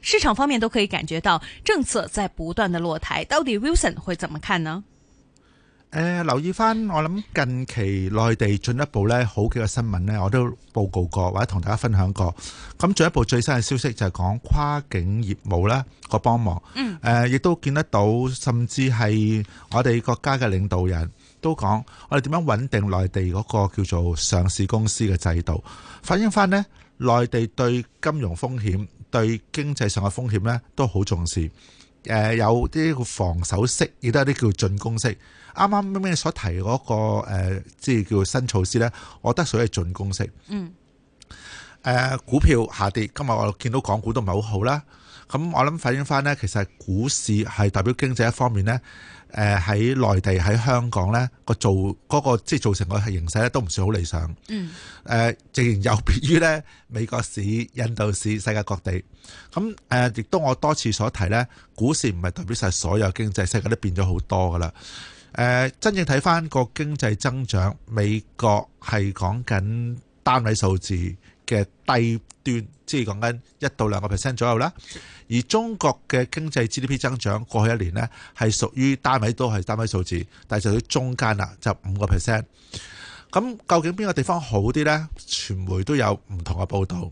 市場方面都可以感覺到政策在不斷的落台，到底 Wilson 會怎麼看呢？誒、呃，留意翻，我諗近期內地進一步咧好幾個新聞咧，我都報告過或者同大家分享過。咁進一步最新嘅消息就係講跨境業務啦個幫忙，嗯誒，亦、呃、都見得到，甚至係我哋國家嘅領導人都講我哋點樣穩定內地嗰個叫做上市公司嘅制度，反映翻呢，內地對金融風險，對經濟上嘅風險呢，都好重視。誒，有啲叫防守式，亦都有啲叫進攻式。啱啱啱啱所提嗰個誒，即係叫新措施呢，我覺得屬於進攻式。嗯。股票下跌，今日我見到港股都唔係好好啦。咁我諗反映返呢，其實股市係代表經濟一方面呢。誒，喺內地喺香港呢個造嗰個即係造成個形勢咧，都唔算好理想。嗯。誒，仍然有別於咧美國市、印度市、世界各地。咁誒，亦都我多次所提呢，股市唔係代表晒所有經濟，世界都變咗好多㗎喇。誒，真正睇返個經濟增長，美國係講緊單位數字嘅低端，即係講緊一到兩個 percent 左右啦。而中國嘅經濟 GDP 增長過去一年呢，係屬於單位都係單位數字，但係就喺中間啦，就五個 percent。咁究竟邊個地方好啲呢？傳媒都有唔同嘅報道，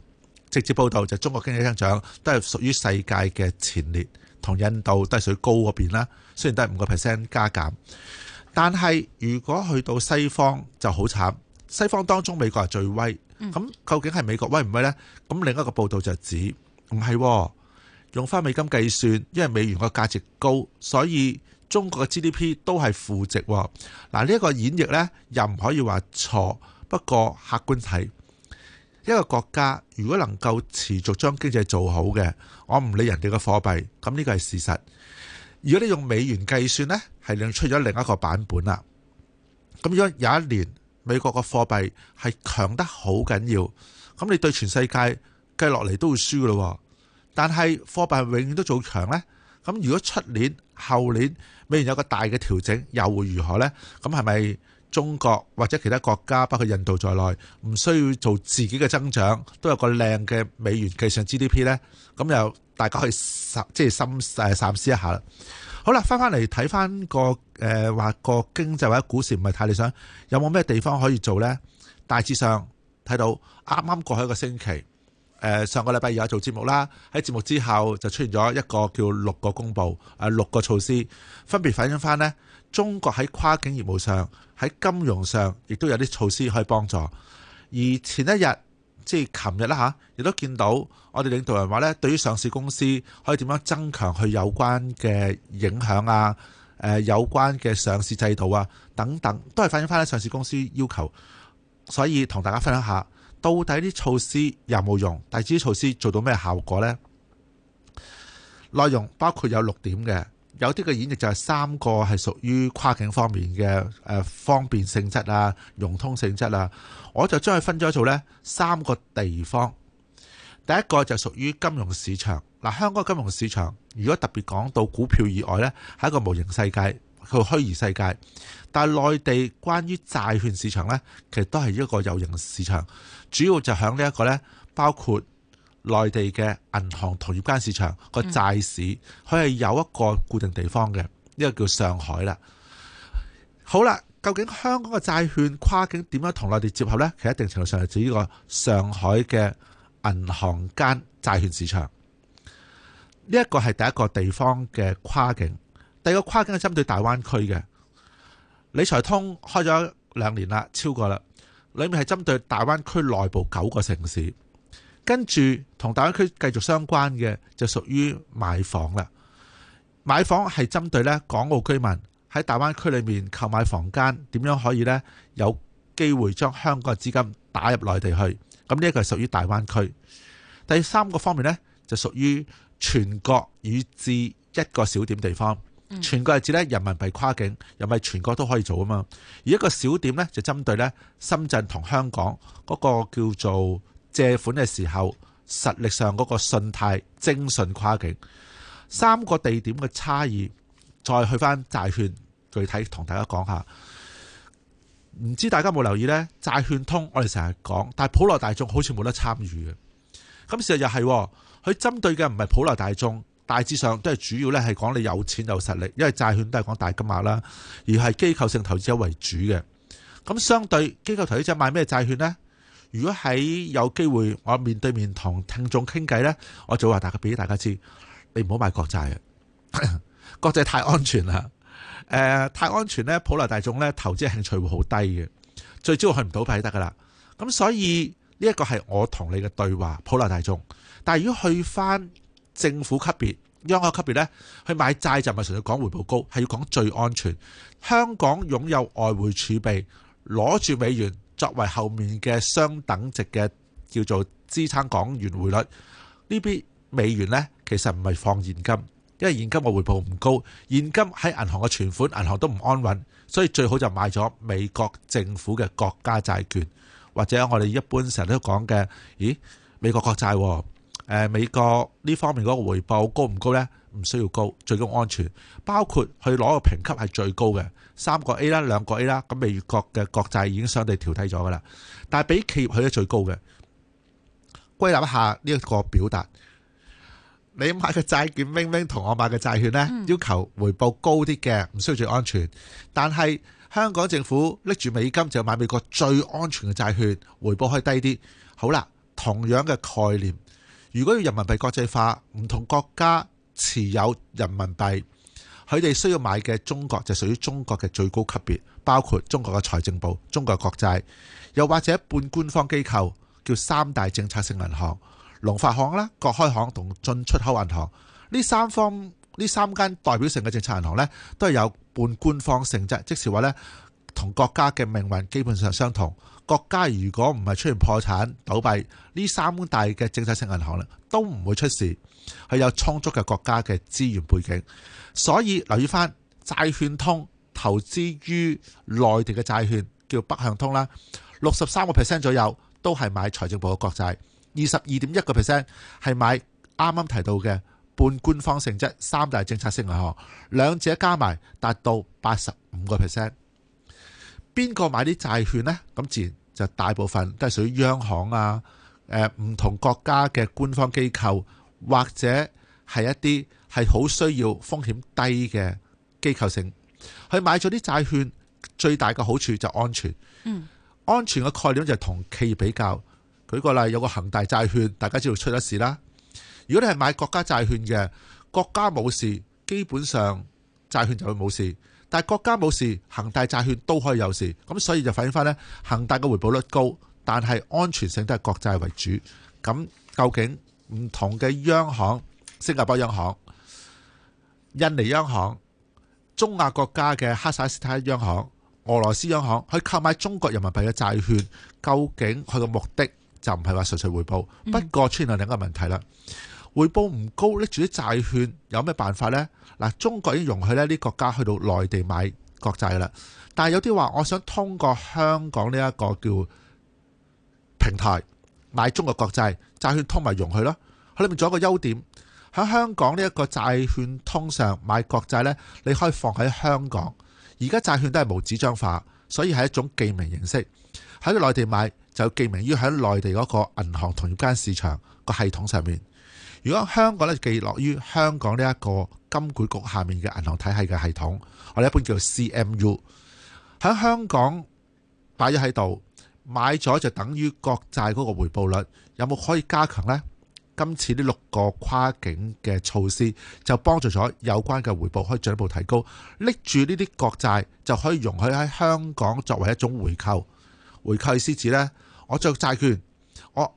直接報道就中國經濟增長都係屬於世界嘅前列，同印度都係屬於高嗰邊啦。雖然都係五個 percent 加減，但係如果去到西方就好慘。西方當中美國係最威。咁、嗯、究竟係美國威唔威呢？咁另一個報道就指唔係、哦，用翻美金計算，因為美元個價值高，所以中國嘅 GDP 都係負值、哦。嗱，呢一個演繹呢，又唔可以話錯，不過客觀睇，一個國家如果能夠持續將經濟做好嘅，我唔理人哋嘅貨幣，咁呢個係事實。如果你用美元計算呢，係另出咗另一個版本啦。咁樣有一年。美國個貨幣係強得好緊要，咁你對全世界計落嚟都會輸咯。但係貨幣永遠都做強呢，咁如果出年、後年美元有個大嘅調整，又會如何呢？咁係咪中國或者其他國家，包括印度在內，唔需要做自己嘅增長，都有個靚嘅美元計上 GDP 呢？咁又大家可以深即係深誒深思一下。好啦，翻翻嚟睇翻個誒，話個經濟或者股市唔係太理想，有冇咩地方可以做呢？大致上睇到啱啱過去一個星期，上個禮拜二有做節目啦，喺節目之後就出現咗一個叫六個公佈啊，六個措施分別反映翻呢，中國喺跨境業務上喺金融上亦都有啲措施可以幫助，而前一日。即係琴日啦嚇，亦都見到我哋領導人話咧，對於上市公司可以點樣增強佢有關嘅影響啊、有關嘅上市制度啊等等，都係反映翻喺上市公司要求。所以同大家分享一下，到底啲措施有冇用？但係至於啲措施做到咩效果呢？內容包括有六點嘅。有啲嘅演繹就係三個係屬於跨境方面嘅誒方便性質啊、融通性質啊，我就將佢分咗做呢三個地方。第一個就屬於金融市場，嗱香港金融市場，如果特別講到股票以外呢，係一個無形世界，佢虛擬世界。但係內地關於債券市場呢，其實都係一個有形市場，主要就喺呢一個呢，包括。內地嘅銀行同業間市場個債市，佢、嗯、係有一個固定地方嘅，呢、這個叫上海啦。好啦，究竟香港嘅債券跨境點樣同內地接合呢？其實一定程度上係指呢個上海嘅銀行間債券市場。呢一個係第一個地方嘅跨境，第二個跨境係針對大灣區嘅。理財通開咗兩年啦，超過啦，裏面係針對大灣區內部九個城市。跟住同大灣區繼續相關嘅，就屬於買房啦。買房係針對咧港澳居民喺大灣區裏面購買房間，點樣可以咧有機會將香港嘅資金打入內地去？咁呢個係屬於大灣區。第三個方面咧就屬於全國以至一個小點地方，全國係指咧人民幣跨境，又咪全國都可以做啊嘛？而一個小點咧就針對咧深圳同香港嗰個叫做。借款嘅時候，實力上嗰個信貸、徵信跨境三個地點嘅差異，再去翻債券，具體同大家講下。唔知大家有冇留意呢？債券通我哋成日講，但係普羅大眾好似冇得參與嘅。咁事實又係，佢針對嘅唔係普羅大眾，大致上都係主要呢係講你有錢有實力，因為債券都係講大金額啦，而係機構性投資者為主嘅。咁相對機構投資者買咩債券呢？如果喺有機會，我面對面同聽眾傾偈呢，我就話大家俾大家知，你唔好買國債啊！國債太安全啦，誒、呃、太安全呢，普羅大眾呢，投資興趣會好低嘅，最終去唔到派得㗎啦。咁所以呢一個係我同你嘅對話，普羅大眾。但係如果去翻政府級別、央行級別呢，去買債就唔係純粹講回報高，係要講最安全。香港擁有外匯儲備，攞住美元。作為後面嘅相等值嘅叫做支撐港元匯率呢啲美元呢，其實唔係放現金，因為現金嘅回報唔高，現金喺銀行嘅存款，銀行都唔安穩，所以最好就買咗美國政府嘅國家債券，或者我哋一般成日都講嘅，咦，美國國債喎，誒美國呢方面嗰個回報高唔高呢？唔需要高，最高安全，包括去攞個評級係最高嘅三個 A 啦，兩個 A 啦。咁美國嘅國債已經相對調低咗噶啦，但係比企業去得最高嘅。歸納一下呢一個表達，你買嘅債券，wing wing 同我買嘅債券咧，要求回報高啲嘅，唔需要最安全。但係香港政府拎住美金就買美國最安全嘅債券，回報可以低啲。好啦，同樣嘅概念，如果要人民幣國際化，唔同國家。持有人民幣，佢哋需要買嘅中國就屬於中國嘅最高級別，包括中國嘅財政部、中國國債，又或者半官方機構叫三大政策性銀行：農發行啦、國開行同進出口銀行。呢三方呢三間代表性嘅政策銀行咧，都係有半官方性質，即是話咧。同國家嘅命運基本上相同。國家如果唔係出現破產倒閉，呢三大嘅政策性銀行咧都唔會出事，佢有充足嘅國家嘅資源背景。所以留意返債券通投資於內地嘅債券叫北向通啦，六十三個 percent 左右都係買財政部嘅國債，二十二點一個 percent 係買啱啱提到嘅半官方性質三大政策性銀行，兩者加埋達到八十五個 percent。邊個買啲債券呢？咁自然就大部分都係屬於央行啊，誒，唔同國家嘅官方機構或者係一啲係好需要風險低嘅機構性去買咗啲債券，最大嘅好處就安全。嗯，安全嘅概念就係同企業比較。舉個例，有個恒大債券，大家知道出咗事啦。如果你係買國家債券嘅，國家冇事，基本上債券就會冇事。但係國家冇事，恒大債券都可以有事，咁所以就反映翻呢，恒大嘅回報率高，但係安全性都係國債為主。咁究竟唔同嘅央行，新加坡央行、印尼央行、中亞國家嘅哈薩克斯坦央行、俄羅斯央行去購買中國人民幣嘅債券，究竟佢嘅目的就唔係話純粹回報？不過出現另一個問題啦。回報唔高，拎住啲債券有咩辦法呢？嗱，中國已經容許呢啲國家去到內地買國債啦。但係有啲話，我想通過香港呢一個叫平台買中國國債，債券通咪容許咯。佢裏面仲有一個優點，喺香港呢一個債券通上買國債呢，你可以放喺香港。而家債券都係無紙張化，所以係一種記名形式。喺內地買就要記名於喺內地嗰個銀行同業間市場個系統上面。如果香港呢寄落於香港呢一個金管局下面嘅銀行體系嘅系統，我哋一般叫 CMU，喺香港擺咗喺度買咗就等於國債嗰個回報率有冇可以加強呢？今次呢六個跨境嘅措施就幫助咗有關嘅回報可以進一步提高，拎住呢啲國債就可以容許喺香港作為一種回購回購意思指呢，我做債券，我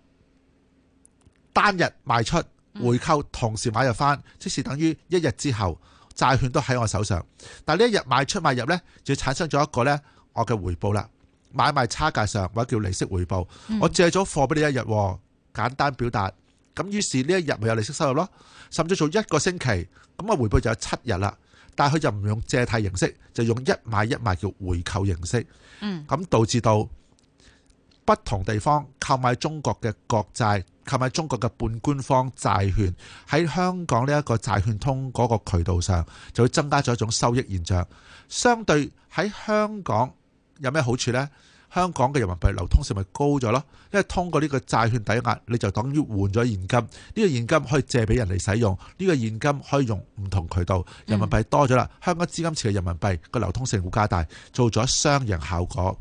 單日賣出。回購同時買入翻，即是等於一日之後債券都喺我手上。但呢一日買出買入呢，就產生咗一個呢我嘅回報啦。買賣差價上或者叫利息回報，我借咗貨俾你一日，簡單表達。咁於是呢一日咪有利息收入咯。甚至做一個星期，咁我回報就有七日啦。但係佢就唔用借貸形式，就用一買一賣叫回購形式。嗯，咁導致到。不同地方購買中國嘅國債，購買中國嘅半官方債券，喺香港呢一個債券通嗰個渠道上，就會增加咗一種收益現象。相對喺香港有咩好處呢？香港嘅人民幣流通性咪高咗咯，因為通過呢個債券抵押，你就等於換咗現金。呢個現金可以借俾人嚟使用，呢個現金可以用唔同渠道，人民幣多咗啦、嗯。香港資金池嘅人民幣個流通性會加大，做咗雙贏效果。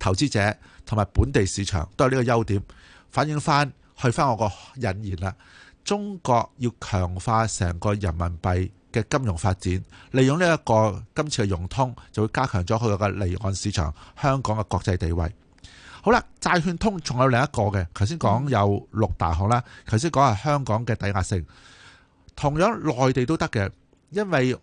投資者。同埋本地市場都有呢個優點，反映翻去翻我個引言啦。中國要強化成個人民幣嘅金融發展，利用呢一個今次嘅融通，就會加強咗佢個離岸市場香港嘅國際地位。好啦，債券通仲有另一個嘅，頭先講有六大行啦，頭先講係香港嘅抵押性，同樣內地都得嘅，因為。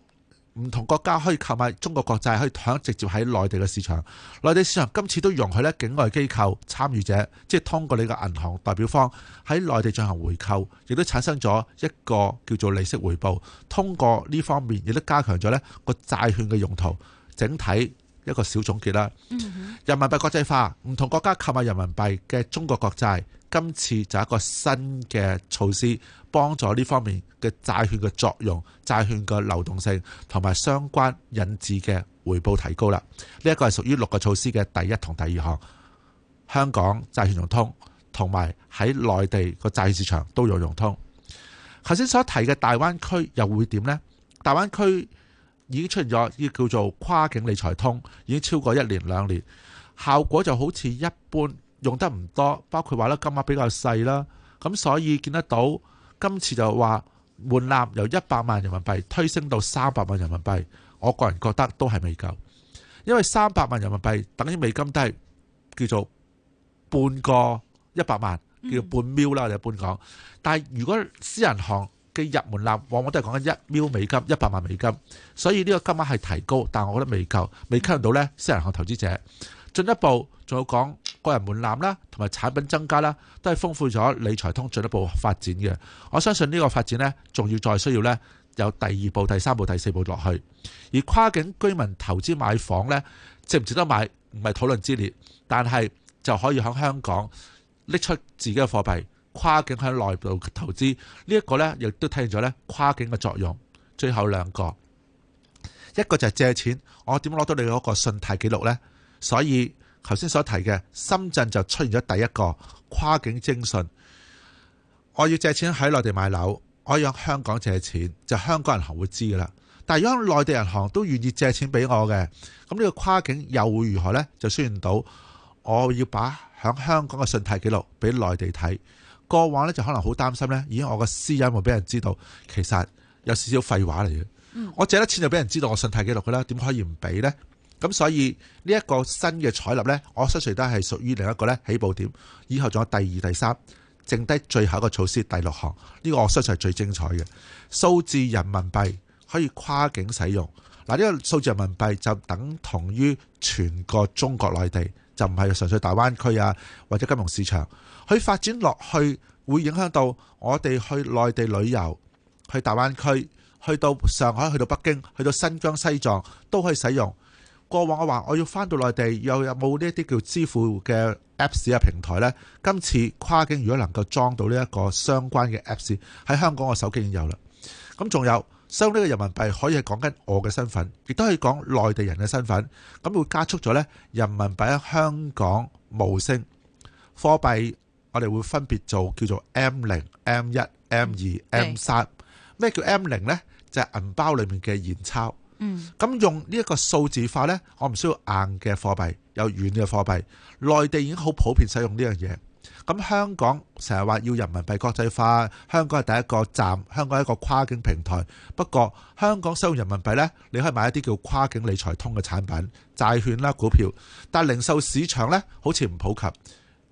唔同國家可以購買中國國債，可以響直接喺內地嘅市場。內地市場今次都容許咧境外機構參與者，即係通過你個銀行代表方喺內地進行回購，亦都產生咗一個叫做利息回報。通過呢方面，亦都加強咗咧個債券嘅用途。整體一個小總結啦。人民幣國際化，唔同國家購買人民幣嘅中國國債，今次就一個新嘅措施，幫助呢方面嘅債券嘅作用、債券嘅流動性同埋相關引致嘅回報提高啦。呢一個係屬於六個措施嘅第一同第二項。香港債券融通，同埋喺內地個債券市場都有融通。頭先所提嘅大灣區又會點呢？大灣區已經出現咗呢叫做跨境理財通，已經超過一年兩年。效果就好似一般，用得唔多，包括話咧金額比較細啦。咁所以見得到今次就話門檻由一百萬人民幣推升到三百萬人民幣，我個人覺得都係未夠，因為三百萬人民幣等於美金都係叫做半個一百萬、嗯，叫做半秒啦。我哋一般講，但係如果私人行嘅入門檻往往都係講緊一秒美金一百萬美金，所以呢個金額係提高，但我覺得未夠，未吸引到呢私人行投資者。進一步仲有講個人門檻啦，同埋產品增加啦，都係豐富咗理財通進一步發展嘅。我相信呢個發展呢，仲要再需要呢，有第二步、第三步、第四步落去。而跨境居民投資買房呢，值唔值得買，唔係討論之列，但係就可以喺香港拎出自己嘅貨幣，跨境喺內部投資。呢一個呢，亦都體現咗呢跨境嘅作用。最後兩個，一個就係借錢，我點攞到你嗰個信貸記錄呢？所以頭先所提嘅深圳就出現咗第一個跨境徵信，我要借錢喺內地買樓，我要向香港借錢，就香港銀行會知噶啦。但係如果內地銀行都願意借錢俾我嘅，咁呢個跨境又會如何呢？就出現到我要把響香港嘅信貸記錄俾內地睇，過往呢就可能好擔心呢，已經我個私隱會俾人知道，其實有少少廢話嚟嘅、嗯。我借得錢就俾人知道我信貸記錄噶啦，點可以唔俾呢？咁所以呢一個新嘅採納呢，我相信都係屬於另一個呢起步點。以後仲有第二、第三，剩低最後一個措施第六項呢個，我相信係最精彩嘅數字人民幣可以跨境使用嗱。呢個數字人民幣就等同於全國中國內地，就唔係純粹大灣區啊，或者金融市場佢發展落去，會影響到我哋去內地旅遊、去大灣區、去到上海、去到北京、去到新疆、西藏都可以使用。過往我話我要返到內地，又有冇呢一啲叫支付嘅 apps 啊平台呢？今次跨境如果能夠裝到呢一個相關嘅 apps 喺香港嘅手機已經有啦。咁仲有收呢個人民幣可以係講緊我嘅身份，亦都可以講內地人嘅身份。咁會加速咗呢？人民幣喺香港無聲貨幣，我哋會分別做叫做 M 零、M 一、M 二、M 三。咩叫 M 零呢？就係銀包裏面嘅現鈔。嗯，咁用呢一個數字化呢，我唔需要硬嘅貨幣，有軟嘅貨幣。內地已經好普遍使用呢樣嘢。咁香港成日話要人民幣國際化，香港係第一個站，香港係一個跨境平台。不過香港使用人民幣呢，你可以買一啲叫跨境理財通嘅產品，債券啦、股票。但零售市場呢，好似唔普及。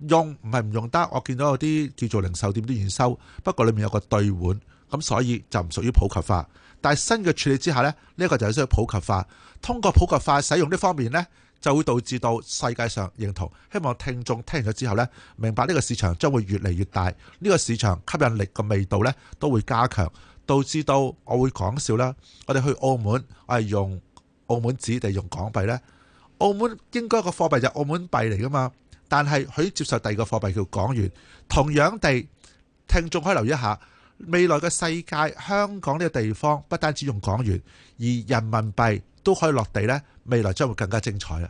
用唔係唔用得，我見到有啲叫做零售店都現收，不過裏面有個兌換，咁所以就唔屬於普及化。但係新嘅處理之下咧，呢一個就係需要普及化。通過普及化使用呢方面咧，就會導致到世界上認同。希望聽眾聽完咗之後呢，明白呢個市場將會越嚟越大，呢個市場吸引力嘅味道呢，都會加強，導致到我會講笑啦。我哋去澳門，我係用澳門紙地用港幣呢。澳門應該個貨幣就澳門幣嚟噶嘛，但係佢接受第二個貨幣叫港元。同樣地，聽眾可以留意一下。未來嘅世界，香港呢個地方不單止用港元，而人民幣都可以落地呢，未來將會更加精彩啦！